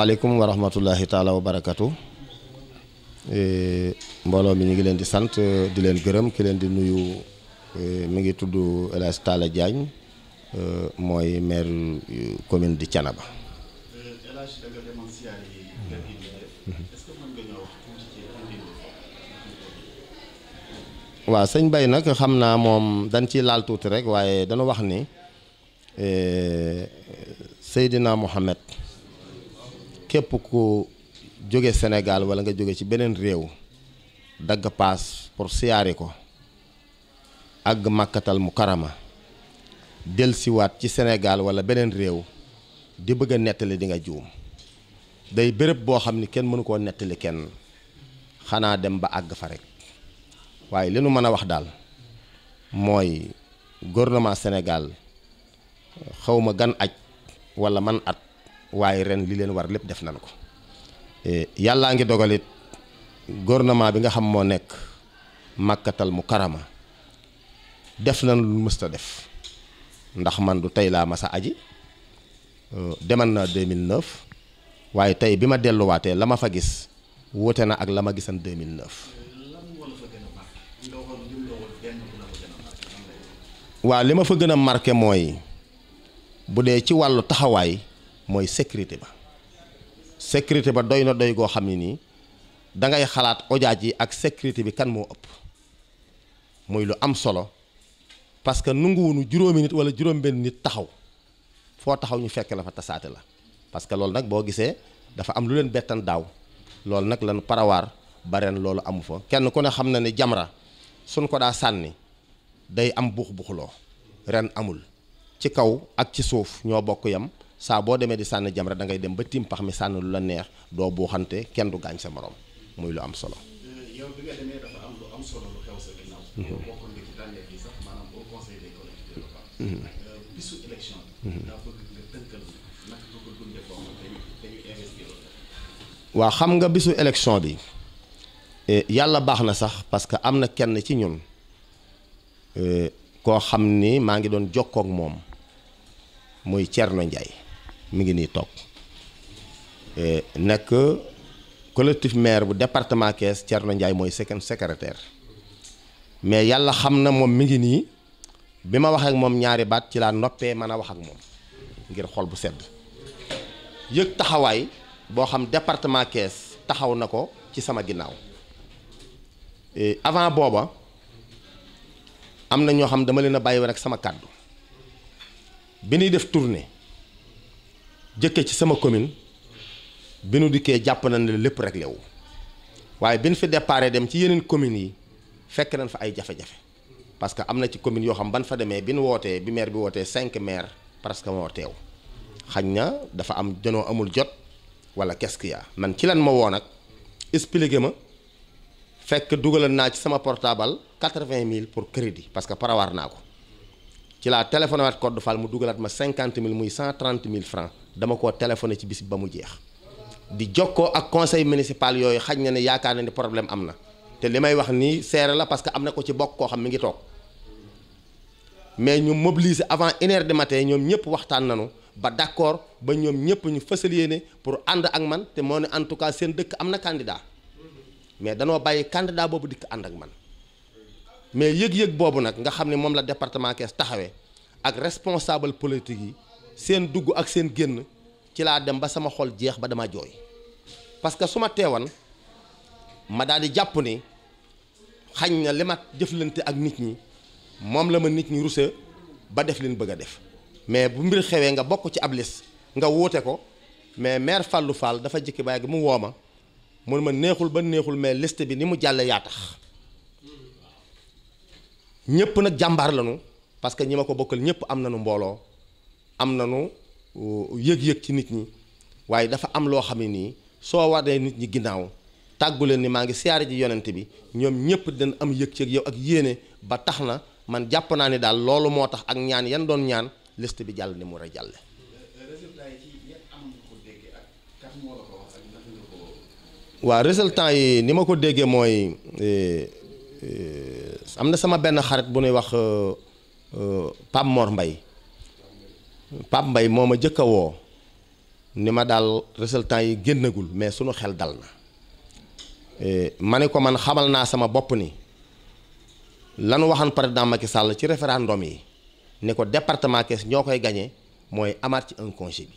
asalaamaaleykum wa rahmatullahi taala wa barakatu e, mbooloo mi ñu ngi leen di sant di leen gërëm ki leen di nuyu e, mi ngi tudd El Hadj Talla Diagne e, mooy maire commune di canaba waaw sëñ Baye nag xam naa moom dañ ciy laal tuuti rek waaye dañu wax ni Seydina Mohamed képp ku jóge senegaal wala nga jóge ci beneen réew dagg paas pour siyaari ko àgg màkkatal mu karama delsiwaat ci senegaal wala beneen réew di bëgg a nettali di nga juum day bërëb boo xam ni kenn mënu koo nettali kenn xanaa dem ba àgg fa rek waaye li nu mën a wax daal mooy gouvernement Sénégal xawma gan aj wala man at waaye ren li leen war lépp def nañ ko eh, yàllaa ngi dogalit gouvernement bi nga xam moo nekk màkkatal mu karama def nañ lu mësta def ndax man du tey laa masa aji euh, demal na 2009 waaye tey bi ma delluwaatee la ma fa gis woote na ak la ma gisan 2009 waaw li ma fa gën a marqué mooy bu dee ci wàllu taxawaay mooy sécurité ba sécurité ba doy na doy goo xam ne nii da ngay xalaat ojaaj yi ak sécurité bi kan moo ëpp muy lu am solo parce que nanguwunu juróomi nit wala juróom-benn nit taxaw foo taxaw ñu fekk la fa tasaate la parce que loolu nag boo gisee dafa am lu leen bettan daaw loolu nag lan parawaar ba ren loolu amu fa kenn ku ne xam na ni jamra suñ ko daa sànni day am buux buuxloo ren amul ci kaw ak ci suuf ñoo bokk yam saa boo demee di sànni jamra da ngay dem ba timpax mi sànni lu la neex doo buuxante kenn du gaañ sa morom muy lu am solo. yow xam nga bisu élection bi eh, yàlla baax na sax parce que am na kenn ci ñun eh, koo xam ni maa ngi doon jokkoog moom muy Thierno Ndiaye. mi ngi nii toog eh, nekk collectif maire bu département Thiès Thierno Ndiaye mooy second secrétaire mais yàlla xam na moom mi ngi nii bi ma wax ak moom ñaari baat ci laa noppee mën a wax ak moom ngir xol bu sedd yëg taxawaay boo xam département kees taxaw na ko ci sama ginnaaw eh, avant booba am na ñoo xam dama leen a bàyyi rek sama kàddu bi nuy def tournée jëkke ci sama commune bi nu dikkee jàpp nañ ne lépp rek wu waaye bi nu fi déparé dem ci yeneen communes yi fekk nañ fa ay jafe-jafe parce que am na ci commune yoo xam ban fa demee bi nu wootee bi maire bi wootee cinq maire presque moo teew xañ na dafa am jënoo amul jot wala qu'est-ce man ci lan ma woo nag expliqué ma fekk dugalal naa ci sama portable quatre-vingt mille pour crédit parce que parawaar naa ko ci laa téléphoné waat code fal mu ma cinquante mille muy cent trente mille francs dama ko téléphoné ci bis ba mu jeex di jokkoo ak conseil municipal yooyu xaj na ne yaakaar na ni problème am na te li may wax nii seere la parce que am na ko ci bokk koo xam mi ngi toog mais ñu mobiliser avant une heure ñoom ñëpp waxtaan nañu ba d'accord ba ñoom ñëpp ñu fësal yéene pour ànd ak man te moo ne en tout cas seen dëkk am na candidat mais danoo bàyyi candidat boobu dikk ànd ak man mais yëg-yëg boobu nag nga xam ne moom la département Kees taxawee ak responsable politique yi seen dugg ak seen génn ci laa dem ba sama xol jeex ba dama jooy parce que su ma teewan ma daal di jàpp ni xañ na li ma jëflante ak nit ñi moom la ma nit ñi rusa ba def leen bëgg a def mais bu mbir xewee nga bokk ci ab lis nga woote ko mais maire Fallou Fall dafa jikki baay gi mu woo ma mun ma neexul ba neexul mais liste bi ni mu jàlle yaa tax ñëpp nag jàmbaar lañu parce que ñi ma ko bokkal ñëpp am nanu mbooloo am nañu yëg-yëg ci nit ñi waaye dafa am loo xam ne nii soo waree nit ñi ginnaaw tàggu leen ni maa ngi siyaare ji yonent bi ñoom ñëpp dañ am yëg ci yow ak yéene ba tax na man jàpp naa ne daal loolu moo tax ak ñaan yan doon ñaan liste bi jàll ni mu war a jàlle waa résultat yi ni ma ko déggee mooy e, e, am na sama benn xarit bu nuy wax e, Pape Mor mbay Pape mbay moo ma jëkk a woo ni ma daal résultat yi génnagul mais sunu xel dal na eh, ma ne ko man xamal naa sama bopp ni lanu waxan président Macky Sall ci référendum yi ne ko département Thiès ñoo koy gañe mooy amaat ci un congé bi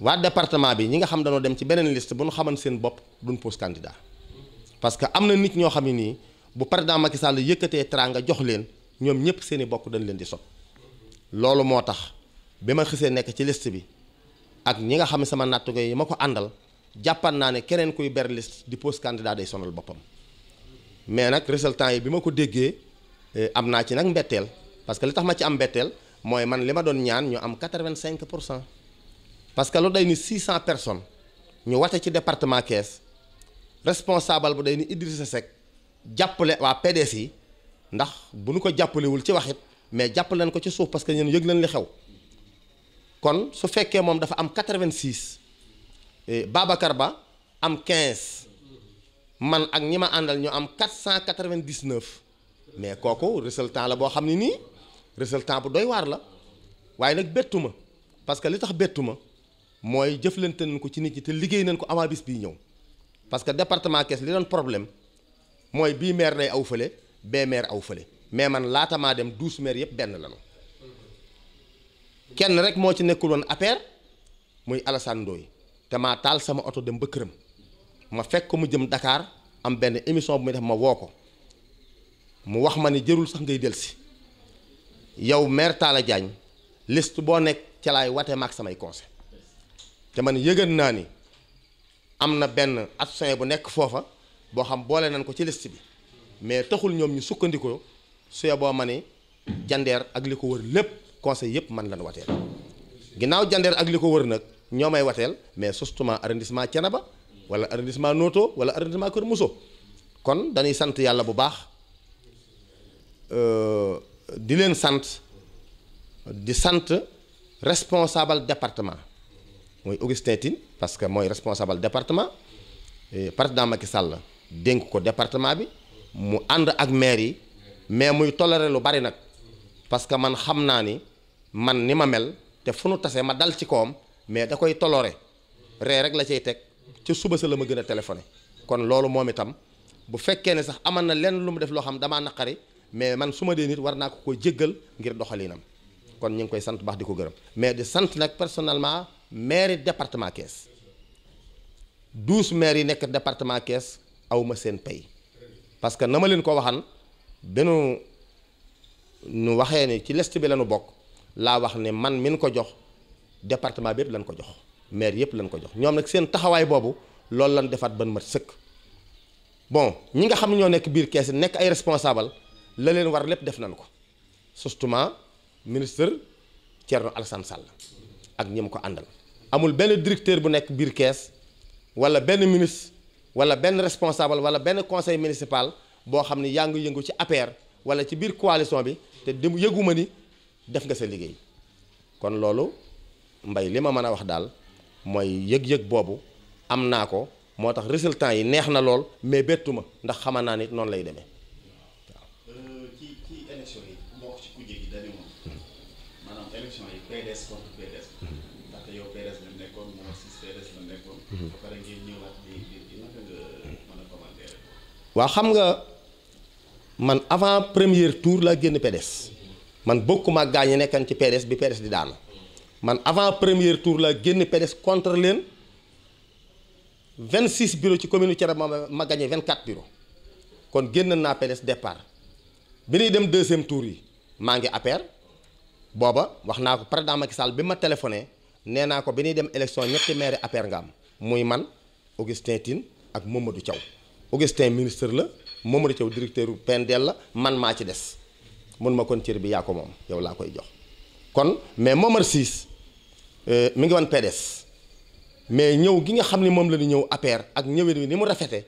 waa département bi ñi nga xam dañoo dem ci beneen liste bu ñu xaman seen bopp duñ pose candidat parce que am na nit ñoo xam ne nii bu président Macky Sall yëkkatee teraanga jox leen ñoom ñëpp seen i bokk dañ leen di sot loolu moo tax bi ma xisee nekk ci liste bi ak ñi nga xam ne sama nattugo yi ma ko àndal jàppan naa ne keneen kuy ber liste di pose candidat day sonal boppam mais nag résultat yi bi ma ko déggee eh, am naa ci nag mbetteel parce que li tax ma ci am mbetteel mooy man li ma doon ñaan ñu am 85 pour cent parce que lu day ni 600 personnes ñu wate ci département kees responsable bu day ni Idrissa Seck jàppale waa PDS yi ndax bu nu ko jàppalewul ci waxit mais jàpp leen ko ci suuf parce que ñun yëg leen li xew kon su fekkee moom dafa am 86 eh, Babacar Ba am 15 man ak ñi ma àndal ñu am 499 mais kooku résultat la boo xam ne nii résultat bu doy waar la waaye nag bettu ma parce que li tax bettu ma mooy jëflante nañ ko ci nit ñi te liggéey nañ ko avant bis bii ñëw parce que département Thiès li doon problème mooy bii maire day aw fële bee maire aw fële mais man laata maa dem douze maire yëpp benn lañu kenn rek moo ci nekkul woon APR muy Alassane Ndoye te maa taal sama oto dem ba këram ma fekk ko mu jëm dakaar am benn émission bu muy def ma woo ko mu wax ma ni jërul sax ngay delsi yow maire Talla Diagne liste boo nekk ca wate watee ak samay conseil te man yëgan naa ni am na benn association bu nekk foofa boo xam boole nañ ko ci liste bi mais taxul ñoom ñu sukkandikoo suye boo ma ne jandeer ak li ko wër lépp conseil yëpp man lan wateel ginnaaw jandeer ak li ko wër nag ñoo may wateel mais surtout arrondissement Thiénaba wala arrondissement Noto wala arrondissement Kër muso kon dañuy sant yàlla bu baax euh, di leen sant di sant responsable département mooy Augustin parce que mooy responsable département président Macky Sall dénk ko département bi mu ànd ak maire mais muy toléré bari nag parce que man xam naa ni man ni ma mel te fu nu tasee ma dal ci koom mais da koy toloore ree rek la cay teg ca suba sa la ma gën a téléphoné kon loolu moom itam bu fekkee ne sax aman na lenn lu mu def loo xam damaa naqari mais man su ma dee nit war naa ko ko jéggal ngir doxalinam kon ñu ngi koy sant baax di ko gërëm mais di sant nag personnellement maire département kees douze maires yi nekk département kees awma seen pay parce que na ma leen ko waxan benu nu waxee ni ci lest bi lañu bokk laa wax ne man min ko jox département bi yëpp lañ ko jox maire yëpp lañ ko jox ñoom nag seen taxawaay boobu loolu lan defaat ban mat sëkk bon ñi nga xam ñoo nekk biir kees nekk ay responsable la leen war lépp def nañ ko surtout ministre Thierno Alassane Sall ak ñi mu ko àndal amul benn directeur bu nekk biir kees wala benn ministre wala benn responsable wala benn conseil municipal boo xam ne yaa ngi yëngu ci APR wala ci biir coalition bi te dem yëguma ni def nga sa liggéey kon loolu mbay li ma mën a wax daal mooy yëg-yëg boobu am naa ko moo tax résultat yi neex na lool mais bettu ma ndax xama naa nit noonu lay demee waaw. xam nga man avant premier tour laa génn PDS. man bokkuma ak gaa ñi nekkan ci PDS bi PDS di daanu man avant premier tour la génn PDS contre leen 26 bureaux ci commune Thiénaba ma ma gagné 24 bureaux kon génn naa PDS départ bi nuy dem deuxième tour yi maa ngi APR booba wax naa ko président Macky Sall bi ma téléphoné nee naa ko bi ñuy dem élection ñetti maire APR nga am muy man Augustin Tine ak Mamadou Thiaw Augustin ministre la Mamadou Thiaw directeur PNDL la man maa ci des. mënuma ma kon cër bi yaa ko moom yow laa koy jox kon mais Momar Ciss euh, mi ngi woon PDS mais ñëw gi nga xam ni moom lañu ñëw APR ak ñëwin wi ni mu rafete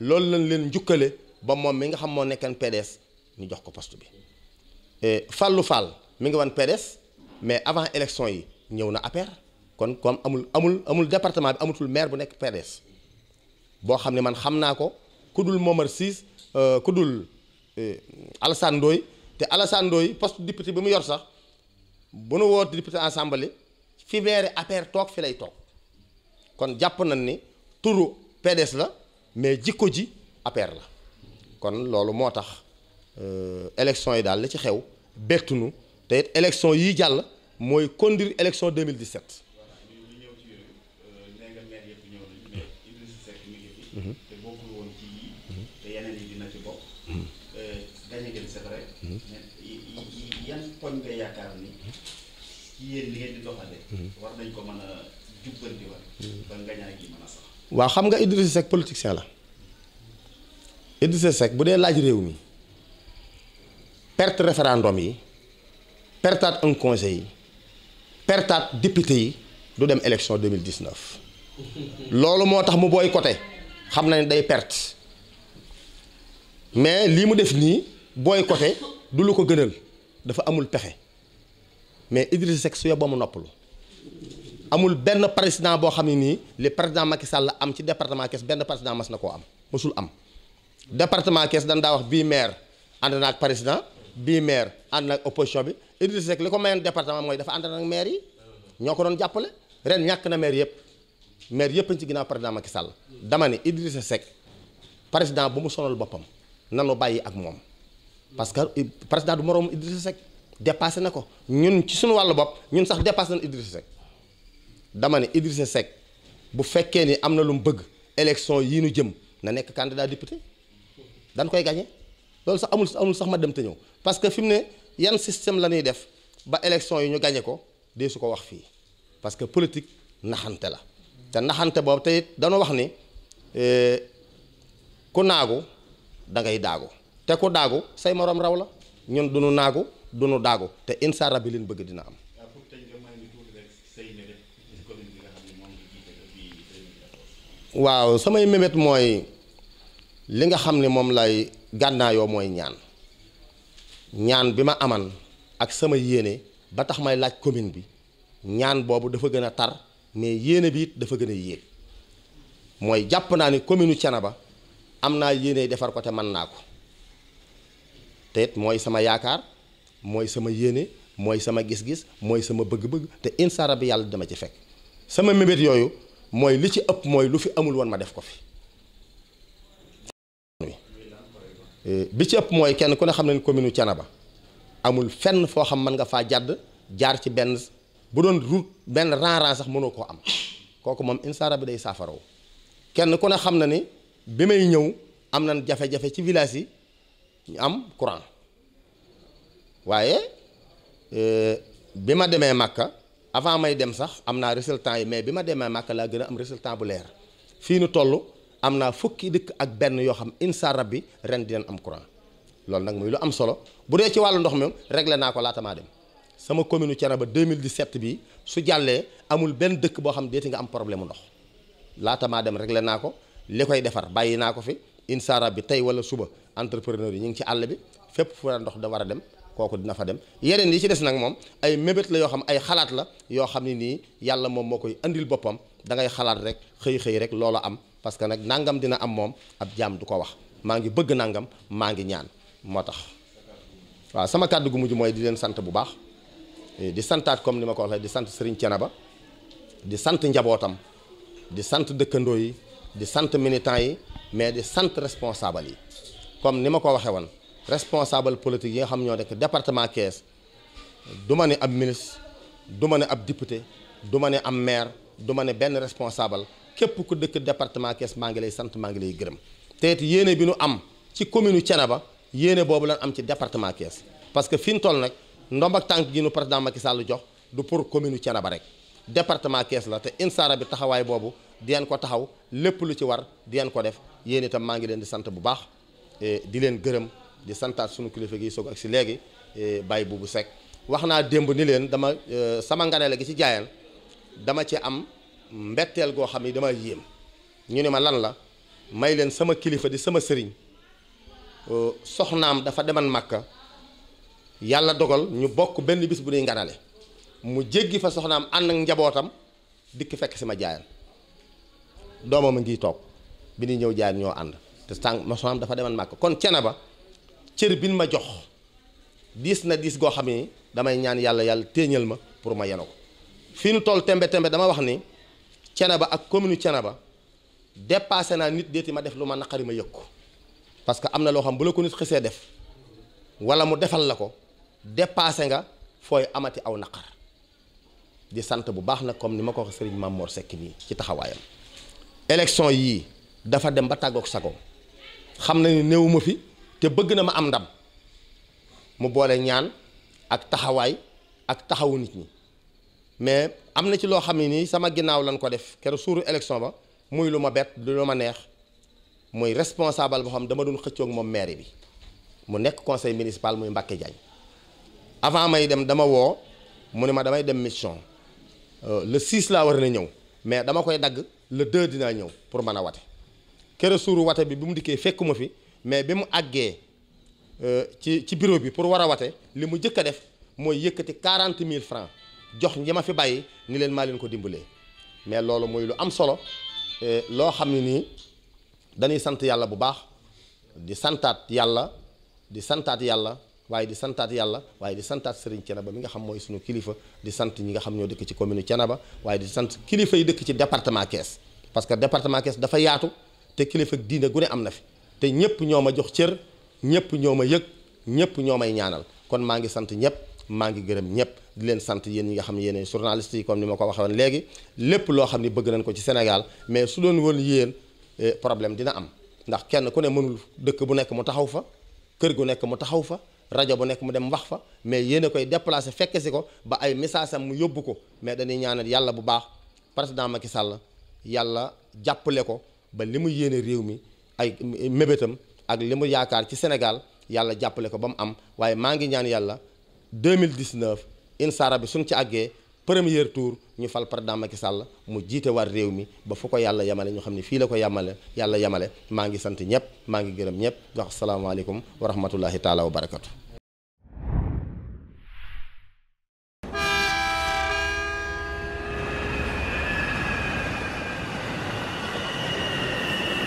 loolu lañ leen njukkale ba moom mi nga xam moo nekkan pedes ñu jox ko poste bi Fallou Fall mi ngi woon PDS mais avant élection yi ñëw na APR kon kon amul amul amul département bi amatul maire bu nekk PDS boo xam ne man xam naa ko ku dul Momar Ciss euh, ku dul euh, Alassane Ndoye te Alassane Ndoye poste député bi mu yor sax bu nu woote député assemblée fi meeri APR toog fi lay toog kon jàpp nañ ni turu PDS la mais jikko ji APR la kon loolu moo tax euh, élection yi daal la ci xew bettunu te it élection jàll mooy conduire élection 2017. yan poñ nga ko mën a jubbanti war ba xam nga Idrissa Seck politicien la Idrissa Seck bu dee laaj réew mi perte référendum yi pertaat un conseil yi pertaat député yi du dem élection 2019 loolu moo tax mu booy boycotté xam na day perte mais li mu def nii booy boycotté du lu ko gënal dafa amul pexe mais Idrissa Seck su yóbboo mu noppalu amul benn président boo xam ne nii li président Macky Sall am ci département kes benn président mas na koo am mosul am département Kees dañ daa wax bii maire ànd na ak président bii maire ànd na ak opposition bi Idrissa Seck li ko mayoon département mooy dafa ànd na ak maire yi ñoo ko doon jàppale ren ñàkk na maire yëpp maire yëpp ci ginnaaw président Macky Sall dama ne Idrissa Seck bu mu sonal boppam nanu bàyyi ak moom parce que président du moroom Idrissa sec dépassé na ko ñun ci suñu wàllu bopp ñun sax dépassé na Idrissa Seck dama ne Idrissa Seck bu fekkee ni am na lu mu bëgg élection yi nu jëm na nekk candidat député dañ koy gagné loolu sax amul amul sax ma dem te ñëw parce que fi mu ne yan système la ñuy def ba élection yi ñu gagné ko dee su ko wax fii parce que politique naxante la te naxante boobu te it wax ni eh, ku naagu da ngay daagu te ku daagu say morom raw la ñun du nu naagu du daagu te insa bi leen bëgg dina am. Ah, waaw samay mébét mooy li nga xam ne moom lay gànnaayoo mooy ñaan ñaan bi ma aman ak sama yéene ba tax may laaj commune bi ñaan boobu dafa gën a tar mais yéene bi it dafa gën a yéeg mooy jàpp naa ni commune Thiénaba am naa yéene defar ko te mën naa ko. te mooy sama yaakaar mooy sama yéene mooy sama gis-gis mooy sama bëgg-bëgg te insa rabbi yàlla dama ci fekk sama mébét yooyu mooy li ci ëpp mooy lu fi amul woon ma def ko fi e, bi ci ëpp mooy kenn ku ne xam ne commune Thiénaba amul fenn foo xam mën nga faa jàdd jaar ci benn bu doon route benn rang-rang sax mënoo koo am kooku moom insa rabbi day saafaraw kenn ku ne xam na ni bi may ñëw am nañ jafe-jafe ci village yi ñu am courant waaye euh, bi ma demee Makka avant may dem sax am naa résultat yi mais bi ma demee Makka laa gën a am résultat bu leer fii nu toll am naa fukki dëkk ak benn yoo xam insa bi ren den am courant loolu nag muy lu am solo bu dee ci wàllu ndox mi réglé naa ko laata maa dem sama commune Thiénaba 2017 bi su jàllee amul benn dëkk boo xam deeti nga am problème mu ndox laata maa dem réglé naa ko li koy defar bàyyi naa ko fi incha allah bi tey wala suba entrepreneur yi ñu ngi ci àll bi fépp fu la ndox da war a dem kooku dina fa dem yeneen yi ci des nag moom ay mébét la yoo xam ay xalaat la yoo xam ne nii yàlla moom moo koy indil boppam dangay ngay xalaat rek xëy xëy rek loola am parce que nag nangam dina am moom ab jaam du ko wax maa ngi bëgg nangam maa ngi ñaan moo tax. waaw sama kàdd gu mujj mooy di leen sant bu baax di santaat comme ni ma ko waxee di sant Serigne Thiénaba di sant njabootam di sant dëkkandoo yi di sant militants yi. mais di sant responsable yi comme ni ma ko waxee woon responsable politique yi nga xam ñoo nekk département Thiès du ma ne ab ministre du ma ne ab député du ma ne am maire du ma ne benn responsable képp ku dëkk département Thiès maa ngi lay sant maa ngi lay gërëm te it bi nu am ci commune ba yéene boobu lan am ci département Thiès parce que fi ñu toll nag ndomb ak tànk gi nu président Macky Sall jox du pour commune ba rek département Thiès la te insaara bi taxawaay boobu dinañ ko taxaw lépp lu ci war dinañ ko def yéen itam maa ngi leen di sant bu baax eh, di leen gërëm di santaat sunu kilifa gi soog ak si léegi bàyyi eh, buubu sec wax naa démb ni leen dama eh, sama ngane gi ci jaayaan dama ci am mbetteel goo xam ni dama yéem ñu ne ma lan la may leen sama kilifa di sama sëriñ soxnaam dafa demal màkka yàlla dogal ñu bokk benn bis bu ñuy nganale mu jéggi fa soxnaam ànd ak njabootam dikk fekk si ma jaayaan doomam a ngi toog bi ni ñëw jaar ñoo ànd te sànq masoam dafa deman màkk kon cene ba cër bin ma jox diis na diis goo xam ni damay ñaan yàlla yàlla téeñal ma pour ma yeno ko fii nu tool tembe tembe dama wax ni cene ba ak commune cene ba dépassé naa nit déeti ma def lu ma naqari ma yëg ko parce que am na loo xam bu la ko nit xësee def wala mu defal la ko dépassé nga fooy amati aw naqar di sant bu baax nag comme ni ma ko waxee sëriñ Mamor Seck nii ci taxawaayam élection yii dafa dem ba tàggoog sago xam na ni néewuma fi te bëgg na ma am ndam mu boole ñaan ak taxawaay ak taxawu nit ñi mais am na ci loo xam ne nii sama ginnaaw lañ ko def keroog suuru élection ba muy lu ma bett lu ma neex muy responsable boo xam dama doon xëccook moom maire bi mu nekk conseil municipal muy Mbacke Diagne avant may dem dama woo mu ne ma damay dem mission euh, le 6 laa war na ñëw mais dama koy dagg. le deux dinaa ñëw pour mën a wate kere suuru wate bi bi mu dikkee fekkuma fi mais bi mu àggee euh, ci ci bureau bi pour war a wate li mu jëkk a def mooy yëkkati quarante mille francs jox ñi ma fi bàyyi ni leen maa leen ko dimbalee mais loolu mooy lu am solo euh, loo xam ne nii dañuy sant yàlla bu baax di santaat yàlla di santaat yàlla waaye di santaat yàlla waaye di santaat Serigne Thiénaba mi nga xam mooy suñu kilifa di sant ñi nga xam ñoo dëkk ci commune Thiénaba waaye di sant kilifa yi dëkk ci département Thiès parce que département kes dafa yaatu te kilifa diine gu ne am na fi te ñëpp ñoo ma jox cër ñëpp ñoo ma yëg ñëpp ñoo may ñaanal kon maa ngi sant ñëpp maa ngi gërëm ñëpp di leen sant yéen ñi nga xam ne yéen journaliste yi ni ma ko waxee woon léegi lépp loo xam ni bëgg nañ ko ci Sénégal mais su doon woon yéen eh, problème dina am ndax kenn ku ne mënul dëkk bu nekk mu taxaw fa kër gu nekk mu taxaw fa rajo bu nekk mu dem wax fa mais yéen a koy déplacé fekk si ko ba ay message am mu yóbbu ko mais dañuy ñaanal yàlla bu baax président Macky Sall yàlla jàppale ko ba li mu yéene réew mi ay mébétam ak li mu yaakaar ci Sénégal yàlla jàppale ko ba mu am waaye maa ngi ñaan yàlla 2019 insaara bi suñ ci àggee premier tour ñu fal président Macky Sall mu jiite war réew mi ba foo ko yàlla yemale ñu xam ne fii la ko yemale yàlla yamale maa ngi sant ñëpp maa ngi gërëm ñëpp wax salaamaaleykum wa rahmatullahi taala wa barakatu